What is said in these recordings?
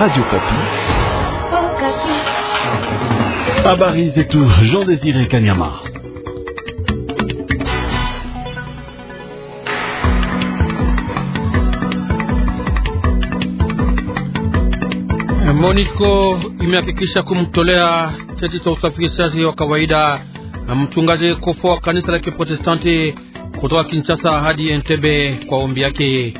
Radio Kapi. Habari zetu Jean Desire Kanyama. Monico imehakikisha kumtolea cheti cha usafirishaji wa kawaida eh, mchungaji Kofo wa kanisa la Kiprotestanti kutoka Kinshasa hadi Entebbe kwa ombi yake.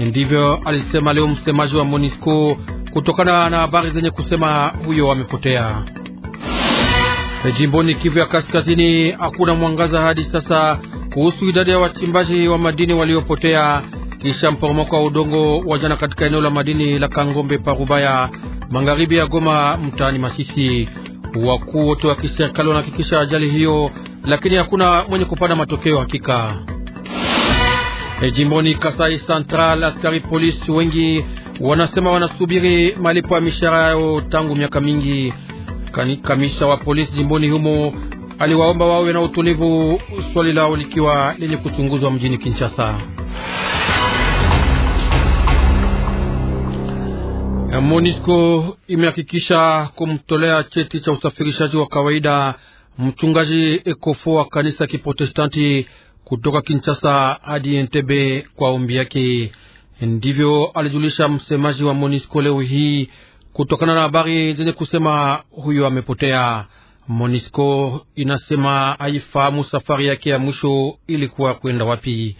Ndivyo alisema leo msemaji wa Monisco kutokana na habari zenye kusema huyo amepotea. E, jimboni Kivu ya Kaskazini hakuna mwangaza hadi sasa kuhusu idadi ya wachimbaji wa madini waliopotea kisha mporomoko wa udongo wa jana katika eneo la madini la Kangombe Parubaya, magharibi ya Goma, mtaani Masisi. Wakuu wote wa kiserikali wanahakikisha ajali hiyo, lakini hakuna mwenye kupata matokeo hakika. E, jimboni Kasai Central, askari polisi wengi wanasema wanasubiri malipo ya mishahara yao tangu miaka mingi. Kamisha wa polisi jimboni humo aliwaomba wawe na utulivu, swali lao likiwa lenye kuchunguzwa mjini Kinshasa. MONUSCO imehakikisha kumtolea cheti cha usafirishaji wa kawaida mchungaji Ekofo wa kanisa ya Kiprotestanti kutoka Kinshasa hadi Entebbe kwa ombi yake. Ndivyo alijulisha msemaji wa Monisco leo hii, kutokana na habari zenye kusema huyo amepotea. monisco inasema haifahamu safari yake ya mwisho ilikuwa kwenda wapi.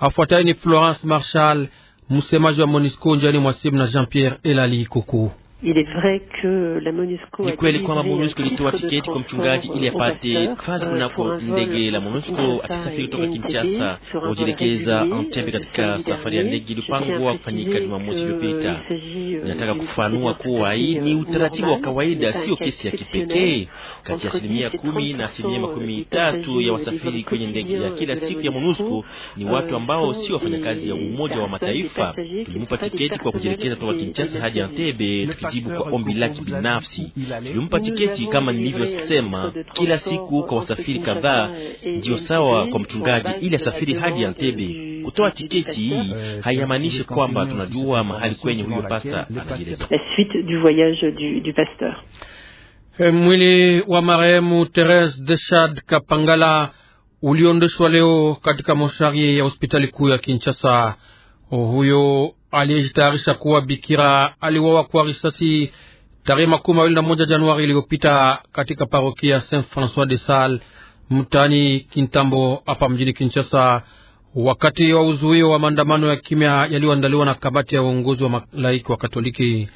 Afuatayo ni Florence Marshal, msemaji wa monisco njiani mwa simu na Jean Pierre Elali Kuku. Il est vrai que la MONUSCO ni kweli kwamba MONUSCO ilitoa tiketi kwa mchungaji ili apate fazi kunako ndege la MONUSCO akisafiri kutoka Kinshasa kujielekeza Entebbe katika safari ya ndege iliyopangwa kufanyika Jumamosi iliyopita. Ninataka kufanua kuwa hii ni utaratibu wa kawaida, sio kesi ya kipekee. Kati ya asilimia kumi na asilimia makumi tatu ya wasafiri kwenye ndege ya kila siku ya MONUSCO ni watu euh, ambao sio wafanyakazi ya Umoja wa Mataifa. Tulimpa tiketi kwa kujielekeza kutoka Kinshasa hadi Entebbe kujibu kwa ombi lake binafsi. Tulimpa tiketi kama nilivyosema, kila siku kwa wasafiri kadhaa, ndiyo sawa kwa mchungaji, ili asafiri hadi Antebe. Kutoa tiketi hii euh, haimaanishi kwamba tunajua mahali kwenye huyo pasta anajeleza. Eh, mwili wa marehemu Therese Deshad Kapangala uliondeshwa leo katika moshari ya hospitali kuu ya Kinshasa. Oh, huyo aliyejitayarisha kuwa bikira aliwawa kwa risasi tarehe makumi mawili na moja Januari iliyopita katika parokia Saint Francois de Sal mtaani Kintambo hapa mjini Kinshasa, wakati wa uzuio wa maandamano ya kimya yaliyoandaliwa na kamati ya uongozi wa malaiki wa Katoliki.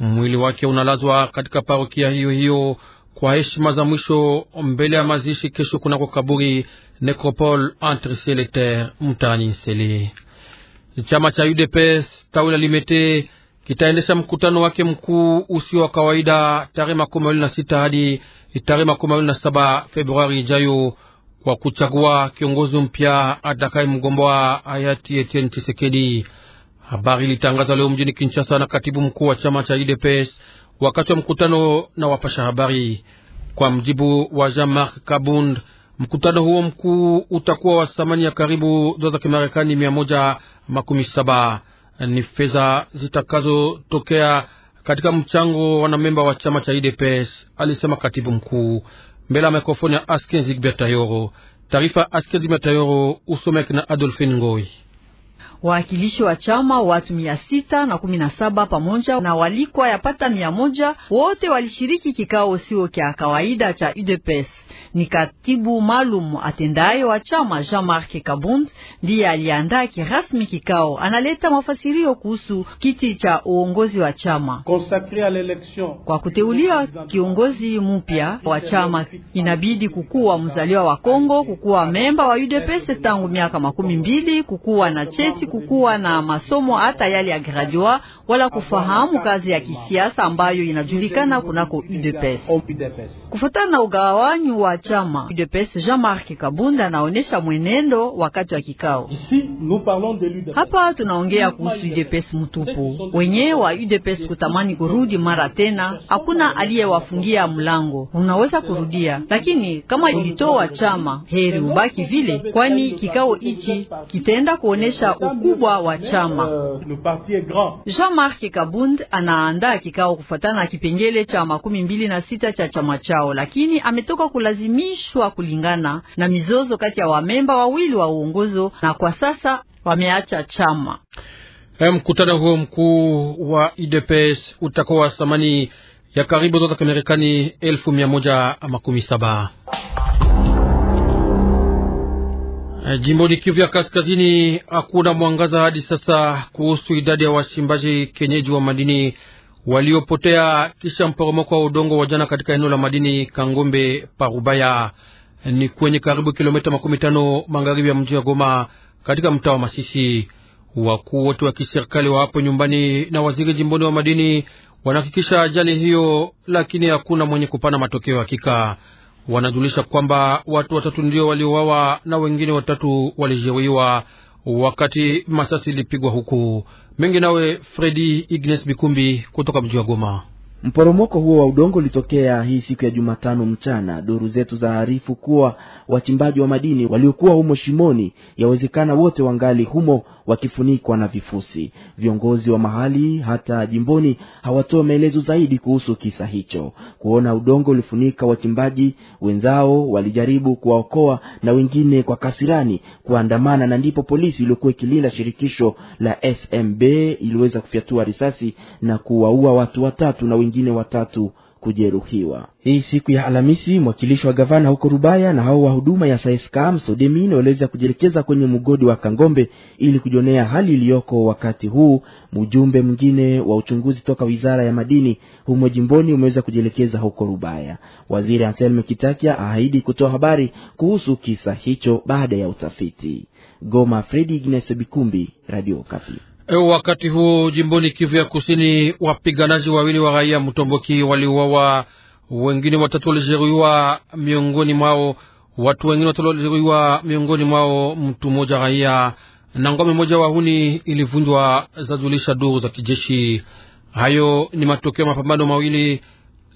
Mwili wake unalazwa katika parokia hiyo hiyo kwa heshima za mwisho mbele ya mazishi kesho kunako kaburi Necropole entre ciel et terre mtaani Sele. Chama cha UDPS tawi la Limete kitaendesha mkutano wake mkuu usio wa kawaida tarehe makumi mawili na sita hadi tarehe makumi mawili na saba Februari ijayo kwa kuchagua kiongozi mpya atakaye mgomboa hayati Etienne Tshisekedi. Habari ilitangazwa leo mjini Kinshasa na katibu mkuu wa chama cha UDPS wakati wa mkutano na wapasha habari. Kwa mjibu wa Jean-Marc Kabund Mkutano huo mkuu utakuwa wa thamani ya karibu dola za Kimarekani mia moja makumi saba ni fedha zitakazotokea katika mchango wa wanamemba wa chama cha IDPS, alisema katibu mkuu mbele ya mikrofoni ya Askenzigbetayoro. Taarifa Askenzigbetayoro usomek na Adolfin Ngoi. Wawakilishi wa chama watu mia sita na kumi na saba pamoja na walikwa yapata mia moja wote walishiriki kikao sio kya kawaida cha UDPS. Ni katibu maalum atendaye wa chama Jean-Marc Kabund ndiye aliandaa kirasmi kikao, analeta mafasirio kuhusu kiti cha uongozi wa chama kwa kuteuliwa kiongozi mpya wa chama. Inabidi kukuwa mzaliwa wa Kongo, kukuwa memba wa UDPS tangu miaka makumi mbili, kukuwa na cheti kukuwa na masomo hata yale ya gradua wala kufahamu kazi ya kisiasa ambayo inajulikana kunako UDPS. Kufuatana na ugawanyu wa chama UDPS, Jean-Marc Kabunda anaonesha mwenendo wakati wa kikao hapa. Tunaongea kuhusu UDPS mtupu, wenye wa UDPS kutamani kurudi mara tena, hakuna aliyewafungia mlango. Unaweza kurudia, lakini kama ilitoa chama, heri ubaki vile, kwani kikao hichi kitaenda kuonesha mkubwa wa euh, chama. Jean-Marc Kabund anaandaa kikao kufuatana na kipengele cha makumi mbili na sita cha chama chao, lakini ametoka kulazimishwa kulingana na mizozo kati ya wamemba wawili wa uongozo, na kwa sasa wameacha chama. Eh, mkutano huo mkuu wa UDPS utakuwa thamani ya karibu dola za Kimarekani elfu mia moja makumi saba. Eh, jimboni Kivu ya Kaskazini hakuna mwangaza hadi sasa kuhusu idadi ya wachimbaji kenyeji wa madini waliopotea kisha mporomoko wa udongo wa jana katika eneo la madini Kangombe Parubaya, eh, ni kwenye karibu kilomita makumi tano magharibi ya mji wa Goma katika mtaa wa Masisi. Wakuu wote wa kiserikali wa hapo nyumbani na waziri jimboni wa madini wanahakikisha ajali hiyo, lakini hakuna mwenye kupana matokeo hakika wanajulisha kwamba watu watatu ndio waliowawa na wengine watatu walijeruhiwa wakati masasi ilipigwa huku mengi. Nawe Fredi Ignes Bikumbi kutoka mji wa Goma. Mporomoko huo wa udongo ulitokea hii siku ya Jumatano mchana. Duru zetu za harifu kuwa wachimbaji wa madini waliokuwa humo shimoni, yawezekana wote wangali humo wakifunikwa na vifusi. Viongozi wa mahali hata jimboni hawatoa maelezo zaidi kuhusu kisa hicho. Kuona udongo ulifunika wachimbaji wenzao, walijaribu kuwaokoa na wengine kwa kasirani kuandamana, na ndipo polisi iliyokuwa ikilinda shirikisho la SMB iliweza kufyatua risasi na kuwaua watu watatu na wengine watatu kujeruhiwa. Hii siku ya Alhamisi, mwakilishi wa gavana huko Rubaya na hao wa huduma ya Saiskam sodemin waliweza kujielekeza kwenye mgodi wa Kangombe ili kujionea hali iliyoko wakati huu. Mjumbe mwingine wa uchunguzi toka wizara ya madini humo jimboni umeweza kujielekeza huko Rubaya. Waziri Anselme Kitakia aahidi kutoa habari kuhusu kisa hicho baada ya utafiti. Goma, Fredi Ignes Bikumbi, Radio Kapi. Wakati huu jimboni Kivu ya Kusini, wapiganaji wawili wa raia Mtomboki waliuawa, wengine watatu walijeruhiwa, miongoni mwao watu wengine watatu walijeruhiwa, miongoni mwao mtu mmoja raia, na ngome moja wahuni ilivunjwa, zajulisha duru za kijeshi. Hayo ni matokeo mapambano mawili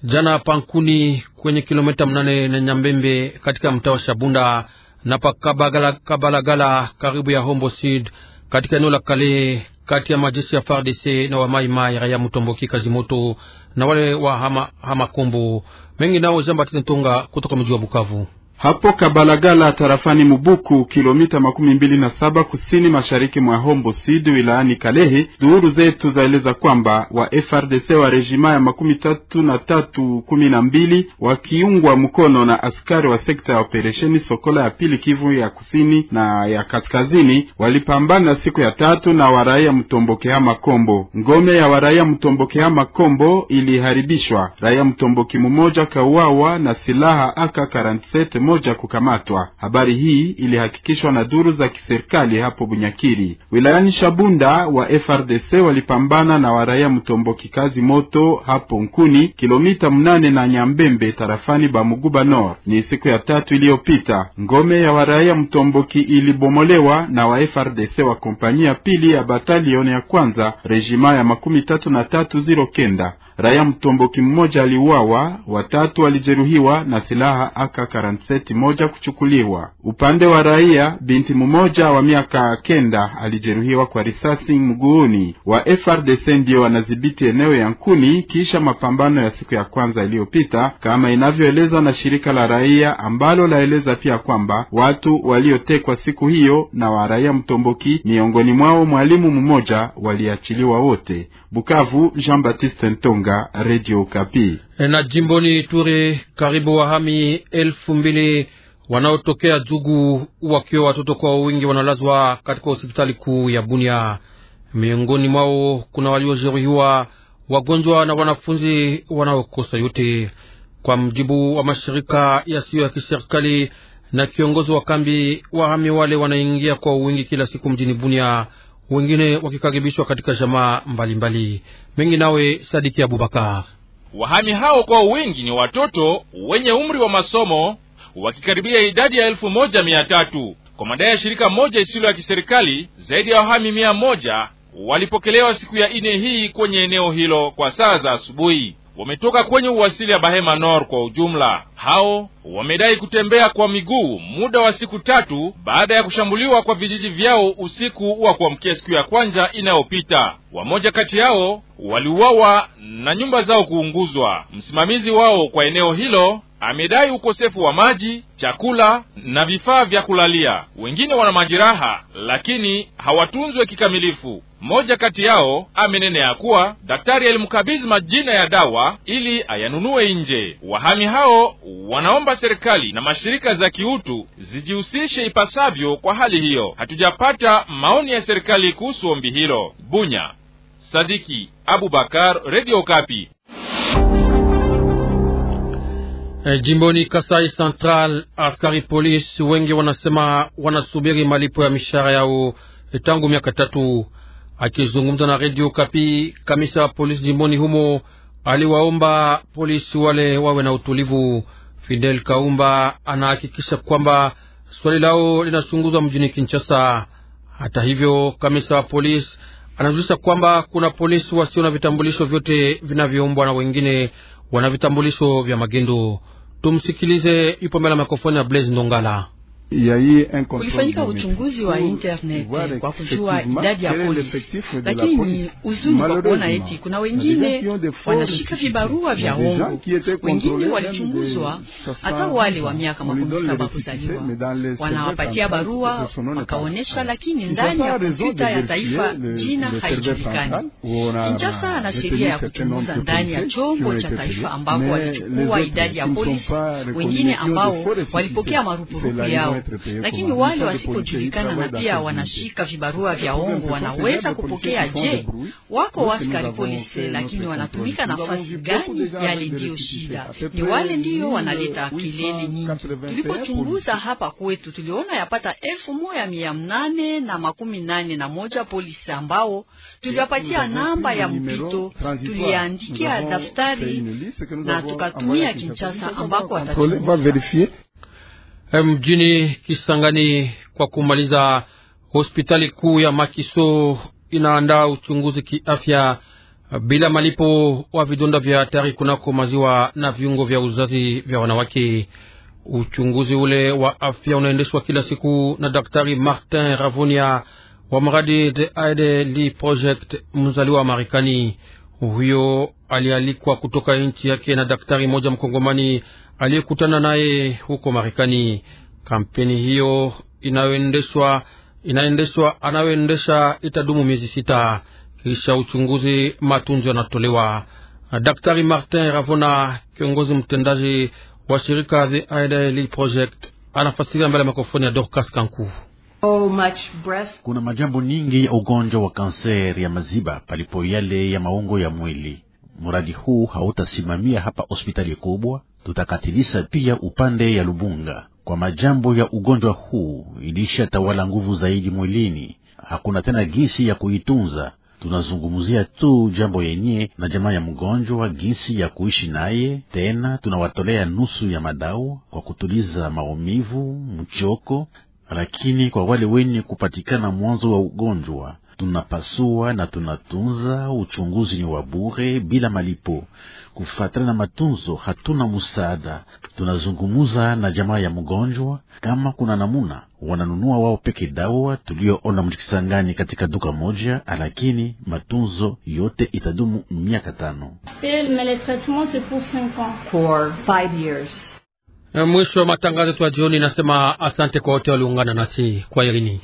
jana Pankuni kwenye kilomita mnane na Nyambembe katika mtaa wa Shabunda na Pakabalagala karibu ya Hombo Sud katika eneo la Kale kati ya majeshi ya FARDC na wamaimai raia Mutomboki Kazimoto na wale wa Hamakombo hama mengi nao Jean Baptiste Ntonga kutoka mji wa Bukavu hapo Kabalagala tarafani Mubuku, kilomita makumi mbili na saba kusini mashariki mwa Hombo Sud wilayani Kalehe. Dhuhuru zetu zaeleza kwamba wa FRDC wa rejima ya makumi tatu na tatu kumi na mbili wakiungwa mkono na askari wa sekta ya operesheni Sokola ya pili Kivu ya kusini na ya kaskazini walipambana siku ya tatu na waraia Mtombokea Makombo. Ngome ya waraia Mtombokea Makombo iliharibishwa, raia Mtomboki mmoja kauawa na silaha aka 47 moja kukamatwa. Habari hii ilihakikishwa na duru za kiserikali hapo Bunyakiri, wilayani Shabunda. Wa FRDC walipambana na waraia Mtomboki kazi moto hapo Nkuni, kilomita mnane na Nyambembe, tarafani Bamuguba Nord. Ni siku ya tatu iliyopita, ngome ya waraia Mtomboki ilibomolewa na wa FRDC wa kompania pili ya batalioni ya kwanza, rejima ya makumi tatu na tatu ziro kenda raia mtomboki mmoja aliuawa, watatu walijeruhiwa na silaha aka 47 moja kuchukuliwa. Upande wa raia, binti mmoja wa miaka kenda alijeruhiwa kwa risasi mguuni. Wa FRDC ndio wanadhibiti eneo ya Nkuni kisha mapambano ya siku ya kwanza iliyopita, kama inavyoelezwa na shirika la raia ambalo laeleza pia kwamba watu waliotekwa siku hiyo na wa raia mtomboki, miongoni mwao mwalimu mmoja, waliachiliwa wote. Bukavu, Jean Baptiste Ntonga. Kinga, Radio Kapi. Na jimboni Ituri, karibu wahami elfu mbili wanaotokea Jugu wakiwa watoto kwa wingi wanalazwa katika hospitali kuu ya Bunia. Miongoni mwao kuna waliojeruhiwa, wagonjwa na wanafunzi wanaokosa yote, kwa mjibu wa mashirika yasiyo ya kiserikali na kiongozi wa kambi. Wahami wale wanaingia kwa wingi kila siku mjini Bunia wengine wakikaribishwa katika jamaa mbalimbali mengi. Nawe Sadiki Abubakar. Wahami hao kwa wingi ni watoto wenye umri wa masomo wakikaribia idadi ya elfu moja mia tatu kwa madai ya shirika moja isilo ya kiserikali. Zaidi ya wahami mia moja walipokelewa siku ya ine hii kwenye eneo hilo kwa saa za asubuhi wametoka kwenye uwasili ya Bahema Nor kwa ujumla. Hao wamedai kutembea kwa miguu muda wa siku tatu baada ya kushambuliwa kwa vijiji vyao usiku wa kuamkia siku ya kwanza inayopita. Wamoja kati yao waliuawa na nyumba zao kuunguzwa. Msimamizi wao kwa eneo hilo amedai ukosefu wa maji, chakula na vifaa vya kulalia. Wengine wana majeraha lakini hawatunzwe kikamilifu. Mmoja kati yao amenenea kuwa daktari alimkabidhi majina ya dawa ili ayanunue nje. Wahami hao wanaomba serikali na mashirika za kiutu zijihusishe ipasavyo kwa hali hiyo. Hatujapata maoni ya serikali kuhusu ombi hilo. Bunya, Sadiki Abubakar, redio Kapi. E, jimboni Kasai Central, askari polisi wengi wanasema wanasubiri malipo ya mishahara yao e, tangu miaka tatu. Akizungumza na redio Kapi, kamisa wa polisi jimboni humo aliwaomba polisi wale wawe na utulivu. Fidel Kaumba anahakikisha kwamba swali lao linachunguzwa mjini Kinshasa. Hata hivyo, kamisa wa polisi anajulisha kwamba kuna polisi wasio na vitambulisho vyote vinavyoombwa na wengine wana vitambulisho vya magendo. Tumsikilize, yupo mbele ya mikrofoni ya Blaise Ndongala. Kulifanyika uchunguzi wa internet kwa kujua idadi ya polisi, lakini uzuni kwa kuona eti kuna wengine wanashika vibarua vya hongo. Wengine walichunguzwa hata wale wa miaka makumi saba kuzaliwa, wanawapatia barua wakaonyesha, lakini ndani ya kompyuta ya taifa jina haijulikani. Kinshasa ana sheria ya kuchunguza ndani ya chombo cha taifa ambako walichukua idadi ya polisi, wengine ambao walipokea marupurupu yao lakini wale wasipojulikana na pia wanashika vibarua vya ongo wanaweza kupokea je? Wako waskari polisi, lakini wanatumika nafasi gani? Yale ndiyo shida, ni wale ndiyo wanaleta kelele nyingi. Tulipochunguza hapa kwetu, tuliona yapata elfu moja mia mnane na makumi nane na moja polisi ambao tuliwapatia namba ya mpito, tuliandikia daftari na tukatumia Kinshasa ambako watachunguza Eh, mjini Kisangani. Kwa kumaliza, hospitali kuu ya Makiso inaandaa uchunguzi kiafya bila malipo wa vidonda vya hatari kunako maziwa na viungo vya uzazi vya wanawake. Uchunguzi ule wa afya unaendeshwa kila siku na Daktari Martin Ravonia wa mradi The Aideli Project, mzaliwa wa Marekani. Huyo alialikwa kutoka nchi yake na daktari mmoja mkongomani aliyekutana naye huko Marekani. Kampeni hiyo inayoendeshwa inaendeshwa anayoendesha itadumu miezi sita, kisha uchunguzi, matunzo yanatolewa. Daktari Martin Ravona, kiongozi mtendaji wa shirika The Idle Project, anafasiria mbele ya makofoni ya Dorcas Kanku. Oh, much breast. Kuna majambo nyingi ya ugonjwa wa kanseri ya maziba palipo yale ya maungo ya mwili. Mradi huu hautasimamia hapa hospitali kubwa tutakatilisa pia upande ya Lubunga kwa majambo ya ugonjwa huu. tawala nguvu zaidi mwilini, hakuna tena gisi ya kuitunza. Tunazungumzia tu jambo yenye na jamaa ya mgonjwa, gisi ya kuishi naye. Tena tunawatolea nusu ya madawa kwa kutuliza maumivu, mchoko, lakini kwa wale wenye kupatikana mwanzo wa ugonjwa tunapasua na tunatunza. Uchunguzi ni wa bure bila malipo. Kufatana na matunzo, hatuna musaada. Tunazungumuza na jamaa ya mgonjwa kama kuna namuna wananunua wao peke dawa tulioona mkisangani katika duka moja, lakini matunzo yote itadumu miaka tano. Mwisho wa matangazo ya jioni, nasema asante kwa wote waliungana nasi kwa irini.